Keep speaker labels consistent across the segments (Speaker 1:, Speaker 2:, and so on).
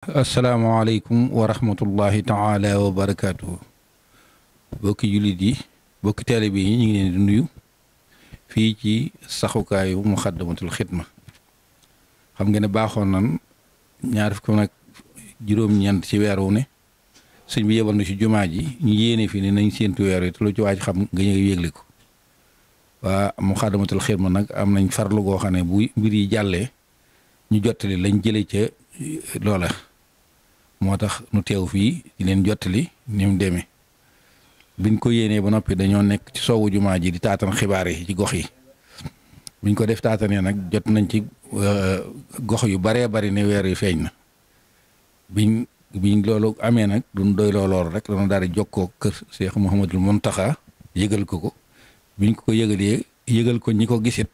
Speaker 1: asalaamaaleykum wa rahmatullahi taala wa barakaatu. bokki jullit yi bokki taalibe yi ñu ngi leen di nuyu fii ci saxukaayu muxaddamatul xidma xam nga ne baaxoon nan ñaar fukk nag juróom-ñeent ci weer ne sëñ bi yebal na ci jumaa ji ñu yéene fi ne nañ séentu weer wi te lu ci waaj xam nga ñëw yégle ko waa muxaddamatul xidma nag am nañ farlu goo xam ne bu mbir yi jàllee ñu jottali lañ jëlee ca loola. moo tax nu teew fii di leen jottali ni deme demee biñ ko yéenee ba noppi dañoo nekk ci soowu jumaa ji di taatan xibaar yi ci gox yi biñ ko def taatanee nag jot nañ ci euh, gox yu baree bari ne weer yu feeñ na biñ biñ loolu amee nag duñ doy loo lool rek dañoo daal di jokkoo kër Cheikh Mouhamadul taxa yëgal ko ko biñ ko yëgalee yëgal ko ñi ko gisit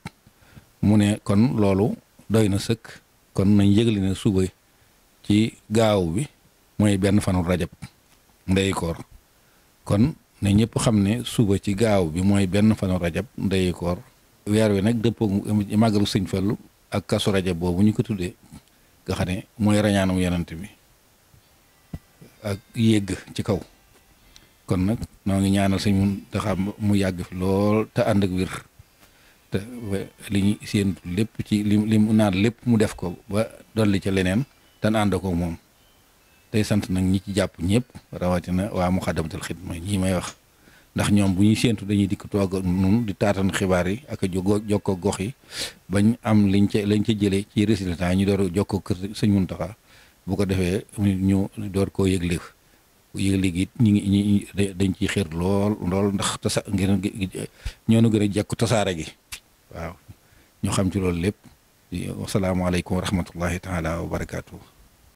Speaker 1: mu ne kon loolu doy na sëkk kon nañ yëgale ne suba ci gaaw bi mooy benn fanu rajab ndeyu kon ne ñëpp xam ne suba ci gaaw bi mooy benn fanu rajab ndeyu weer wi nag dëppoo màggalu sëñ Fallu ak kasu rajab boobu ñu ko tuddee nga mooy rañaanam yonent bi ak yéeg ci kaw kon nag noo ngi ñaanal sëñ Muntaxa mu yàgg fi lool te ànd ak wér te li ñu séentu lépp ci li li mu naan lépp mu def ko ba dolli ca leneen te ànd ko moom day sant nag ñi ci jàpp ñëpp rawatina waa mu Muxaddamatul Xidma ñii may wax ndax ñoom bu ñuy séentu dañuy dikk toog nun di taatan xibaar yi ak a jokkoo gox yi bañ am liñ ca lañ ci jëlee ci résultat ñi door a jokkoo kër sëñ Muntaxa bu ko defee ñu door koo yëgle yëgle gi ñu ngi ñi dañ ciy xër lool lool ndax tasa ngir ñoonu gën a jekku tasaare gi waaw ñu xam ci loolu lépp wasalaamaaleykum wa rahmatullahi taala wa barakaatu.